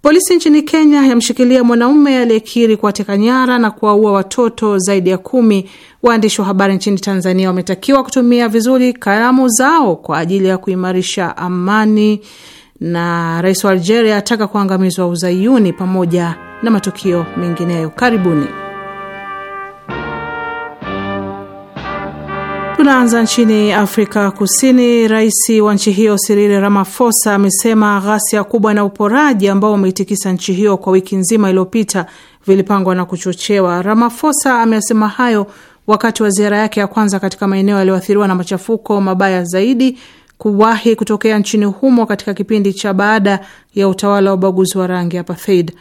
Polisi nchini Kenya yamshikilia mwanaume aliyekiri kuwateka nyara na kuwaua watoto zaidi ya kumi. Waandishi wa habari nchini Tanzania wametakiwa kutumia vizuri kalamu zao kwa ajili ya kuimarisha amani na rais wa Algeria ataka kuangamizwa Uzayuni pamoja na matukio mengineyo. Karibuni. Tunaanza nchini Afrika Kusini. Rais wa nchi hiyo Cyril Ramaphosa amesema ghasia kubwa na uporaji ambao umeitikisa nchi hiyo kwa wiki nzima iliyopita vilipangwa na kuchochewa. Ramaphosa ameasema hayo wakati wa ziara yake ya kwanza katika maeneo yaliyoathiriwa na machafuko mabaya zaidi kuwahi kutokea nchini humo katika kipindi cha baada ya utawala wa ubaguzi wa rangi apartheid.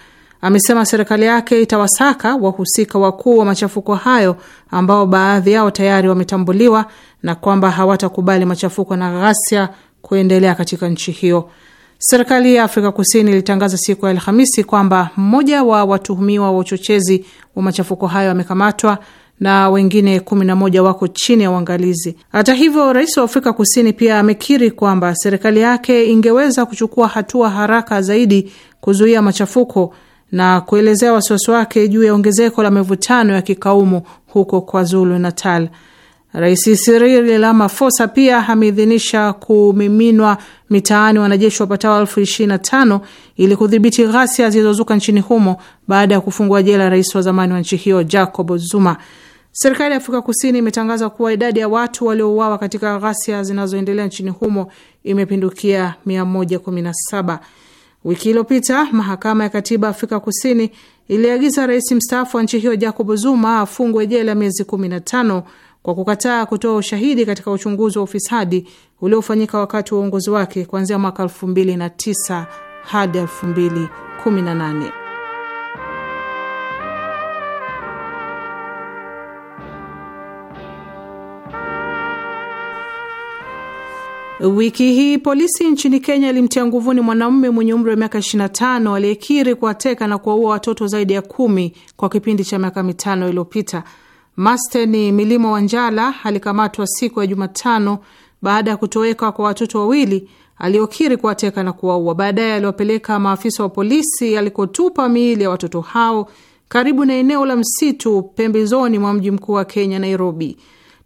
Amesema serikali yake itawasaka wahusika wakuu wa machafuko hayo ambao baadhi yao tayari wametambuliwa na kwamba hawatakubali machafuko na ghasia kuendelea katika nchi hiyo. Serikali ya Afrika Kusini ilitangaza siku ya Alhamisi kwamba mmoja wa watuhumiwa wa uchochezi wa machafuko hayo amekamatwa na wengine 11 wako chini ya uangalizi. Hata hivyo, rais wa Afrika Kusini pia amekiri kwamba serikali yake ingeweza kuchukua hatua haraka zaidi kuzuia machafuko na kuelezea wasiwasi wake juu ya ongezeko la mivutano ya kikaumu huko KwaZulu Natal. Rais Cyril Ramaphosa pia ameidhinisha kumiminwa mitaani wanajeshi wapatao elfu ishirini na tano ili kudhibiti ghasia zilizozuka nchini humo baada ya kufungua jela rais wa zamani wa nchi hiyo Jacob Zuma. Serikali ya Afrika Kusini imetangaza kuwa idadi ya watu waliouawa katika ghasia zinazoendelea nchini humo imepindukia 117. Wiki iliyopita mahakama ya katiba Afrika Kusini iliagiza rais mstaafu wa nchi hiyo Jacob Zuma afungwe jela miezi 15 kwa kukataa kutoa ushahidi katika uchunguzi wa ufisadi uliofanyika wakati wa uongozi wake kuanzia mwaka 2009 hadi 2018. Wiki hii polisi nchini Kenya ilimtia nguvuni mwanamume mwenye umri wa miaka 25 aliyekiri kuwateka na kuwaua watoto zaidi ya kumi kwa kipindi cha miaka mitano iliyopita. Masteni Milimo Wanjala alikamatwa siku ya Jumatano baada ya kutoweka kwa watoto wawili aliokiri kuwateka na kuwaua. Baadaye aliwapeleka maafisa wa polisi alikotupa miili ya watoto hao karibu na eneo la msitu pembezoni mwa mji mkuu wa Kenya, Nairobi.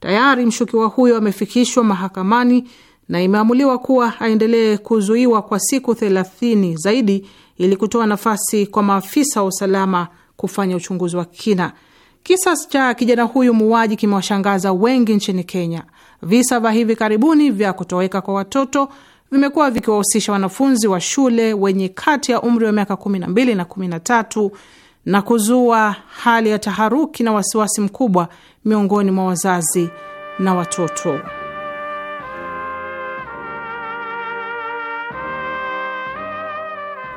Tayari mshukiwa huyo amefikishwa mahakamani na imeamuliwa kuwa aendelee kuzuiwa kwa siku thelathini zaidi ili kutoa nafasi kwa maafisa wa usalama kufanya uchunguzi wa kina. Kisa cha kijana huyu muuaji kimewashangaza wengi nchini Kenya. Visa vya hivi karibuni vya kutoweka kwa watoto vimekuwa vikiwahusisha wanafunzi wa shule wenye kati ya umri wa miaka 12 na 13 na kuzua hali ya taharuki na wasiwasi mkubwa miongoni mwa wazazi na watoto.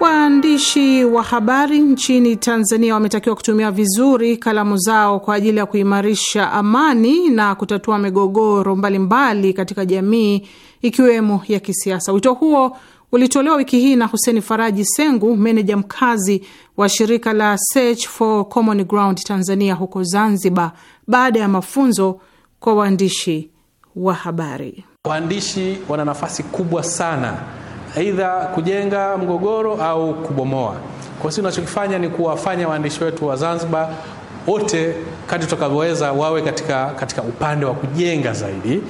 Waandishi wa habari nchini Tanzania wametakiwa kutumia vizuri kalamu zao kwa ajili ya kuimarisha amani na kutatua migogoro mbalimbali katika jamii ikiwemo ya kisiasa. Wito huo ulitolewa wiki hii na Huseni Faraji Sengu, meneja mkazi wa shirika la Search for Common Ground Tanzania huko Zanzibar, baada ya mafunzo kwa waandishi wa habari. Waandishi wana nafasi kubwa sana aidha kujenga mgogoro au kubomoa. Kwa sisi tunachokifanya ni kuwafanya waandishi wetu wa Zanzibar wote kati tutakavyoweza wawe katika, katika upande wa kujenga zaidi,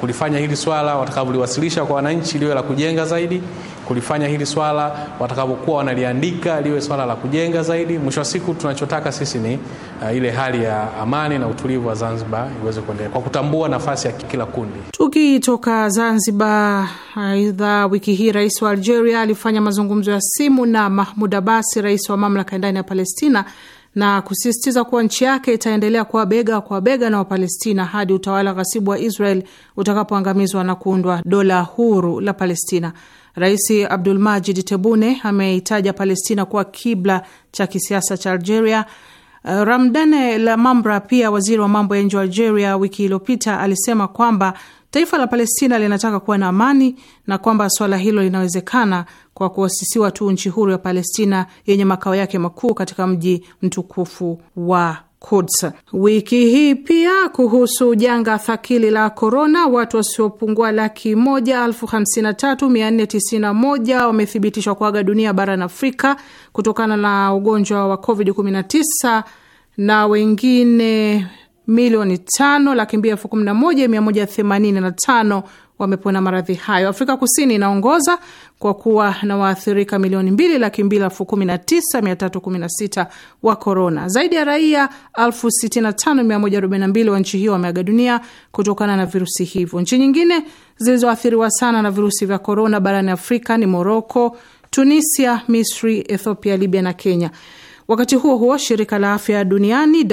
kulifanya hili swala watakavyoliwasilisha kwa wananchi liwe la kujenga zaidi kulifanya hili swala watakapokuwa wanaliandika liwe swala la kujenga zaidi. Mwisho wa siku tunachotaka sisi ni uh, ile hali ya amani na utulivu wa Zanzibar iweze kuendelea kwa kutambua nafasi ya kila kundi. Tukitoka Zanzibar, aidha, wiki hii rais wa Algeria alifanya mazungumzo ya simu na Mahmud Abbas, rais wa mamlaka ndani ya Palestina na kusisitiza kuwa nchi yake itaendelea kuwa bega kwa bega na Wapalestina hadi utawala ghasibu wa Israel utakapoangamizwa na kuundwa dola huru la Palestina. Rais abdul majid Tebune ameitaja Palestina kuwa kibla cha kisiasa cha Algeria. Uh, Ramdane Lamamra, pia waziri wa mambo ya nje wa Algeria, wiki iliyopita alisema kwamba taifa la Palestina linataka kuwa na amani na kwamba suala hilo linawezekana kwa kuasisiwa tu nchi huru ya Palestina yenye makao yake makuu katika mji mtukufu wa Quds. Wiki hii pia kuhusu janga thakili la korona, watu wasiopungua laki moja elfu hamsini na tatu mia nne tisini na moja wamethibitishwa kuaga dunia barani Afrika kutokana na ugonjwa wa COVID-19 na wengine milioni tano laki mbili elfu kumi na moja mia moja themanini na tano wamepona maradhi hayo. Afrika Kusini inaongoza kwa kuwa na waathirika milioni mbili laki mbili elfu kumi na tisa mia tatu kumi na sita wa korona. Zaidi ya raia elfu sitini na tano mia moja arobaini na mbili wa nchi hiyo wameaga dunia kutokana na virusi hivyo. Nchi nyingine zilizoathiriwa sana na virusi vya korona barani Afrika ni Moroko, Tunisia, Misri, Ethiopia, Libya na Kenya. Wakati huo huo, shirika la afya duniani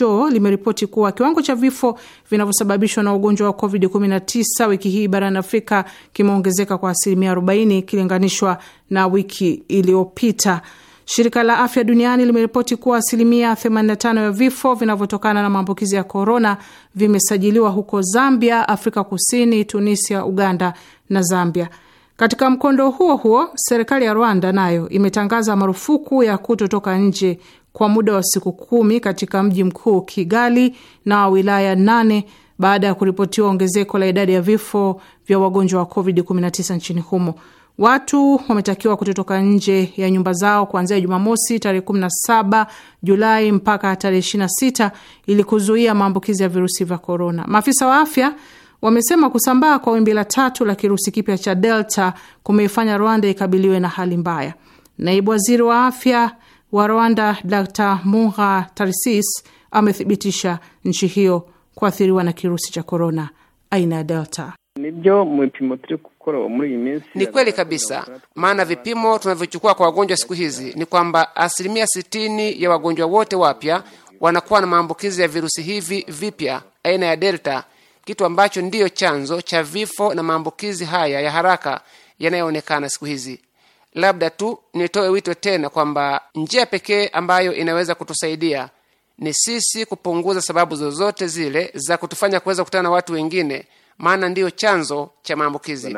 WHO limeripoti kuwa kiwango cha vifo vinavyosababishwa na ugonjwa wa COVID-19 wiki hii barani Afrika kimeongezeka kwa asilimia 40 ikilinganishwa na wiki iliyopita. Shirika la afya duniani limeripoti kuwa asilimia 85 ya vifo vinavyotokana na maambukizi ya korona vimesajiliwa huko Zambia, Afrika Kusini, Tunisia, Uganda na Zambia. Katika mkondo huo huo, serikali ya Rwanda nayo imetangaza marufuku ya kutotoka nje kwa muda wa siku kumi katika mji mkuu Kigali na wilaya nane baada ya kuripotiwa ongezeko la idadi ya vifo vya wagonjwa wa COVID-19 nchini humo. Watu wametakiwa kutotoka nje ya nyumba zao kuanzia Jumamosi tarehe 17 Julai mpaka tarehe 26 ili kuzuia maambukizi ya virusi vya korona. Maafisa wa afya wamesema kusambaa kwa wimbi la tatu la kirusi kipya cha Delta kumeifanya Rwanda ikabiliwe na hali mbaya. Naibu waziri wa afya wa Rwanda Dr Munga Tarcis amethibitisha nchi hiyo kuathiriwa na kirusi cha korona aina ya Delta. Ni kweli kabisa, maana vipimo tunavyochukua kwa wagonjwa siku hizi ni kwamba asilimia 60 ya wagonjwa wote wapya wanakuwa na maambukizi ya virusi hivi vipya aina ya Delta kitu ambacho ndiyo chanzo cha vifo na maambukizi haya ya haraka yanayoonekana siku hizi. Labda tu nitoe wito tena kwamba njia pekee ambayo inaweza kutusaidia ni sisi kupunguza sababu zozote zile za kutufanya kuweza kukutana na watu wengine maana ndiyo chanzo cha maambukizi.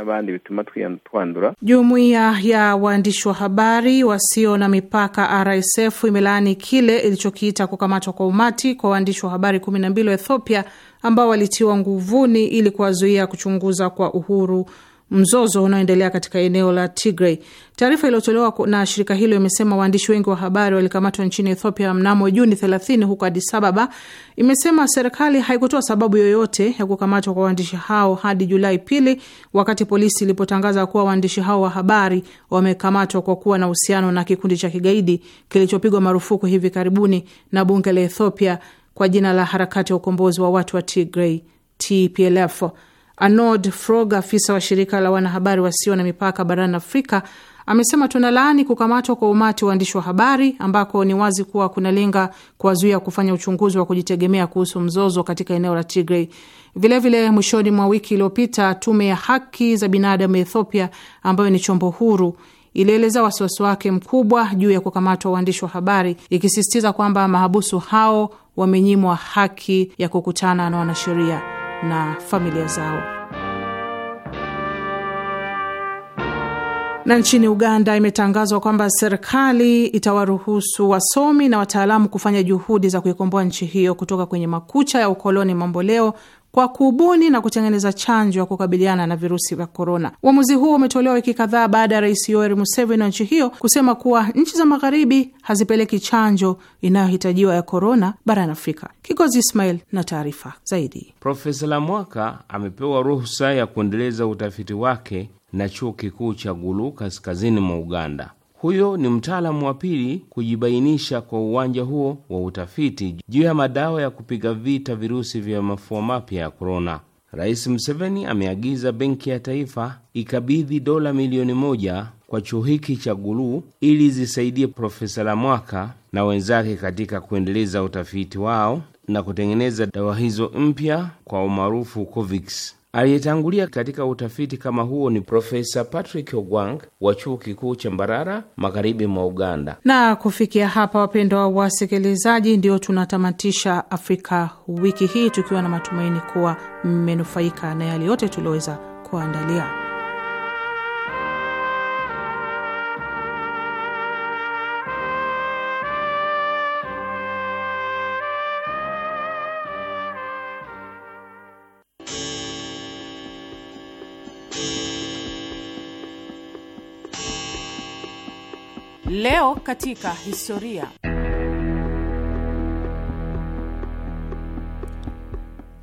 Jumuiya ya waandishi wa habari wasio na mipaka RSF imelaani kile ilichokiita kukamatwa kwa umati kwa waandishi wa habari kumi na mbili wa Ethiopia ambao walitiwa nguvuni ili kuwazuia kuchunguza kwa uhuru mzozo unaoendelea katika eneo la Tigray. Taarifa iliyotolewa na shirika hilo imesema waandishi wengi wa habari walikamatwa nchini Ethiopia mnamo Juni 30 huko Addis Ababa. Imesema serikali haikutoa sababu yoyote ya kukamatwa kwa waandishi hao hadi Julai pili, wakati polisi ilipotangaza kuwa waandishi hao wa habari wamekamatwa kwa kuwa na uhusiano na kikundi cha kigaidi kilichopigwa marufuku hivi karibuni na bunge la Ethiopia kwa jina la Harakati ya Ukombozi wa Watu wa Tigray TPLF. Arnold Frog, afisa wa shirika la wanahabari wasio na mipaka barani Afrika, amesema tunalaani kukamatwa kwa umati waandishi wa habari ambako ni wazi kuwa kunalenga kuwazuia kufanya uchunguzi wa kujitegemea kuhusu mzozo katika eneo la Tigray. Vilevile, mwishoni mwa wiki iliyopita, tume ya haki za binadamu ya Ethiopia ambayo ni chombo huru ilieleza wasiwasi wake mkubwa juu ya kukamatwa waandishi wa habari, ikisisitiza kwamba mahabusu hao wamenyimwa haki ya kukutana na wanasheria na familia zao. Na nchini Uganda imetangazwa kwamba serikali itawaruhusu wasomi na wataalamu kufanya juhudi za kuikomboa nchi hiyo kutoka kwenye makucha ya ukoloni mamboleo kwa kubuni na kutengeneza chanjo ya kukabiliana na virusi vya korona. Uamuzi huo umetolewa wiki kadhaa baada ya rais Yoweri Museveni wa nchi hiyo kusema kuwa nchi za magharibi hazipeleki chanjo inayohitajiwa ya korona barani Afrika. Kikozi Ismail na taarifa zaidi. Profesa Lamwaka amepewa ruhusa ya kuendeleza utafiti wake na chuo kikuu cha Gulu kaskazini mwa Uganda. Huyo ni mtaalamu wa pili kujibainisha kwa uwanja huo wa utafiti juu ya madawa ya kupiga vita virusi vya mafua mapya ya korona. Rais Museveni ameagiza Benki ya Taifa ikabidhi dola milioni moja kwa chuo hiki cha guluu ili zisaidie Profesa Lamwaka na wenzake katika kuendeleza utafiti wao na kutengeneza dawa hizo mpya kwa umaarufu Covix. Aliyetangulia katika utafiti kama huo ni Profesa Patrick Ogwang wa chuo kikuu cha Mbarara, magharibi mwa Uganda. Na kufikia hapa, wapendwa wasikilizaji, ndio tunatamatisha Afrika wiki hii, tukiwa na matumaini kuwa mmenufaika na yale yote tulioweza kuandalia. Leo katika historia.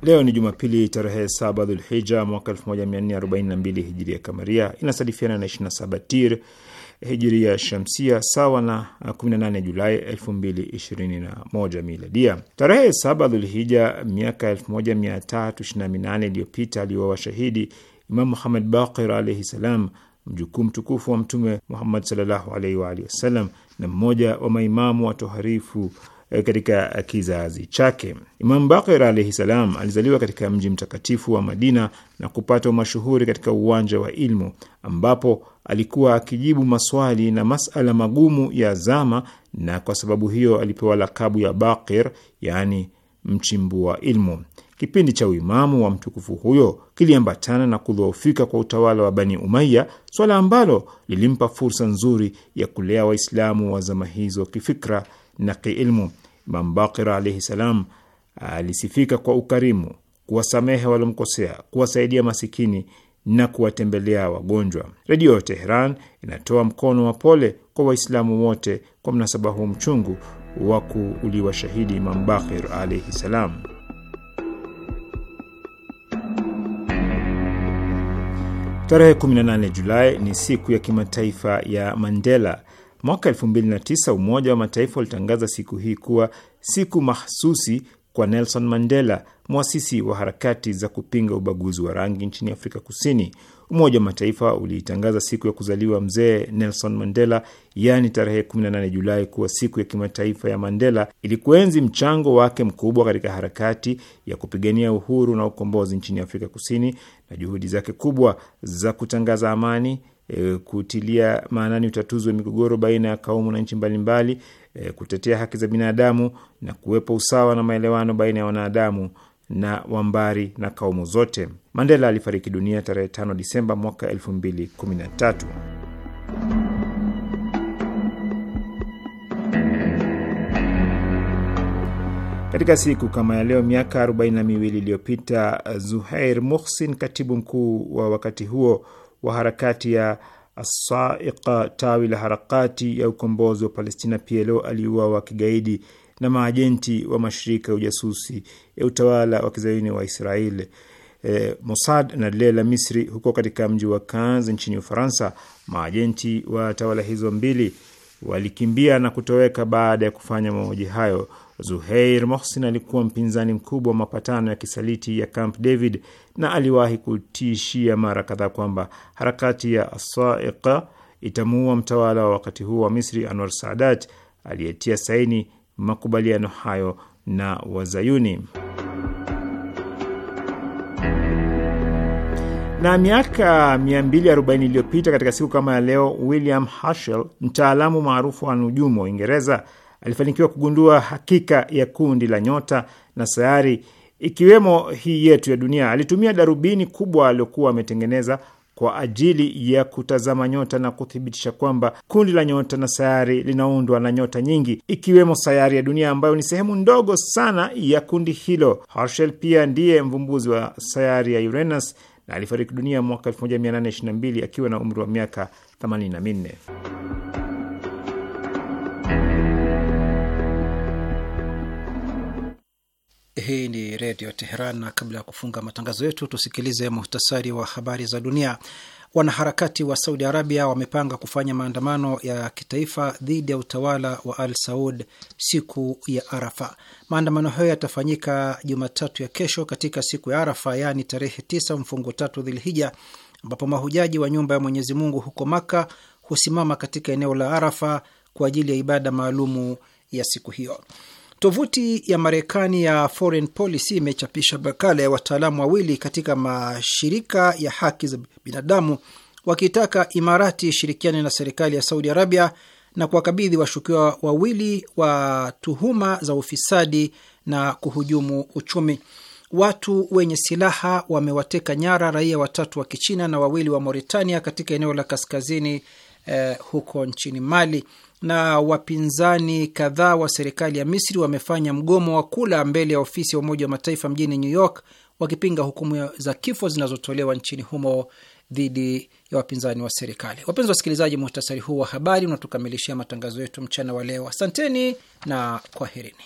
Leo ni Jumapili tarehe saba Dhulhija mwaka 1442 hijiria kamaria, inasadifiana na 27 Tir hijiria shamsia sawa na 18 Julai 2021 miladia. Tarehe saba Dhulhija miaka 1328 iliyopita aliwa washahidi Imam Muhammad Baqir alaihi salam mjukuu mtukufu wa Mtume Muhammad sallallahu alaihi wa alihi wasallam na mmoja wa maimamu watoharifu eh, katika kizazi chake. Imam Bakir alaihi salam alizaliwa katika mji mtakatifu wa Madina na kupata umashuhuri katika uwanja wa ilmu, ambapo alikuwa akijibu maswali na masala magumu ya zama, na kwa sababu hiyo alipewa lakabu ya Bakir, yaani mchimbua ilmu. Kipindi cha uimamu wa mtukufu huyo kiliambatana na kudhoofika kwa utawala wa Bani Umaya, swala ambalo lilimpa fursa nzuri ya kulea Waislamu wa zama hizo kifikra na kiilmu. Imam Bakir alaihi salam alisifika kwa ukarimu, kuwasamehe waliomkosea, kuwasaidia masikini na kuwatembelea wagonjwa. Redio Teheran inatoa mkono wa pole kwa Waislamu wote kwa mnasaba huu mchungu wa kuuliwa shahidi Imam Bakir alaihi salam. Tarehe 18 Julai ni siku ya kimataifa ya Mandela. Mwaka 2009 Umoja wa Mataifa ulitangaza siku hii kuwa siku mahsusi kwa Nelson Mandela, mwasisi wa harakati za kupinga ubaguzi wa rangi nchini Afrika Kusini. Umoja wa Mataifa uliitangaza siku ya kuzaliwa mzee Nelson Mandela, yaani tarehe 18 Julai, kuwa siku ya kimataifa ya Mandela ili kuenzi mchango wake mkubwa katika harakati ya kupigania uhuru na ukombozi nchini Afrika Kusini na juhudi zake kubwa za kutangaza amani, e, kutilia maanani utatuzi wa migogoro baina ya kaumu na nchi mbalimbali, e, kutetea haki za binadamu na kuwepo usawa na maelewano baina ya wanadamu na Wambari na kaumu zote. Mandela alifariki dunia tarehe 5 Disemba mwaka 2013. Katika siku kama ya leo miaka arobaini na miwili iliyopita Zuhair Muhsin, katibu mkuu wa wakati huo wa harakati ya Asaiqa, tawi la harakati ya ukombozi wa Palestina PLO, aliuawa kigaidi na maajenti wa mashirika ya ujasusi ya utawala wa kizayuni wa israel e, Mossad na lile la Misri huko katika mji wa kanz nchini Ufaransa. Maajenti wa tawala hizo mbili walikimbia na kutoweka baada ya kufanya mauaji hayo. Zuheir Mohsin alikuwa mpinzani mkubwa wa mapatano ya kisaliti ya Camp David na aliwahi kutishia mara kadhaa kwamba harakati ya Asaiqa itamuua mtawala wa wakati huo wa Misri Anwar Sadat aliyetia saini makubaliano hayo na Wazayuni. Na miaka 240 iliyopita katika siku kama ya leo, William Herschel, mtaalamu maarufu wa nujumu wa Uingereza, alifanikiwa kugundua hakika ya kundi la nyota na sayari ikiwemo hii yetu ya dunia. Alitumia darubini kubwa aliyokuwa ametengeneza kwa ajili ya kutazama nyota na kuthibitisha kwamba kundi la nyota na sayari linaundwa na nyota nyingi ikiwemo sayari ya dunia ambayo ni sehemu ndogo sana ya kundi hilo. Herschel pia ndiye mvumbuzi wa sayari ya Uranus na alifariki dunia mwaka 1822 akiwa na umri wa miaka 84. Hii ni Redio Teheran, na kabla ya kufunga matangazo yetu tusikilize muhtasari wa habari za dunia. Wanaharakati wa Saudi Arabia wamepanga kufanya maandamano ya kitaifa dhidi ya utawala wa Al Saud siku ya Arafa. Maandamano hayo yatafanyika Jumatatu ya kesho katika siku ya Arafa, yaani tarehe tisa mfungo tatu Dhilhija, ambapo mahujaji wa nyumba ya Mwenyezi Mungu huko Maka husimama katika eneo la Arafa kwa ajili ya ibada maalumu ya siku hiyo. Tovuti ya Marekani ya Foreign Policy imechapisha makala ya wataalamu wawili katika mashirika ya haki za binadamu wakitaka Imarati ishirikiane na serikali ya Saudi Arabia na kuwakabidhi washukiwa wawili wa tuhuma za ufisadi na kuhujumu uchumi. Watu wenye silaha wamewateka nyara raia watatu wa Kichina na wawili wa Mauritania katika eneo la kaskazini eh, huko nchini Mali na wapinzani kadhaa wa serikali ya Misri wamefanya mgomo wa kula mbele ya ofisi ya Umoja wa Mataifa mjini New York wakipinga hukumu za kifo zinazotolewa nchini humo dhidi ya wapinzani wa serikali. Wapenzi wasikilizaji, muhtasari huu wa habari unatukamilishia matangazo yetu mchana wa leo. Asanteni na kwaherini.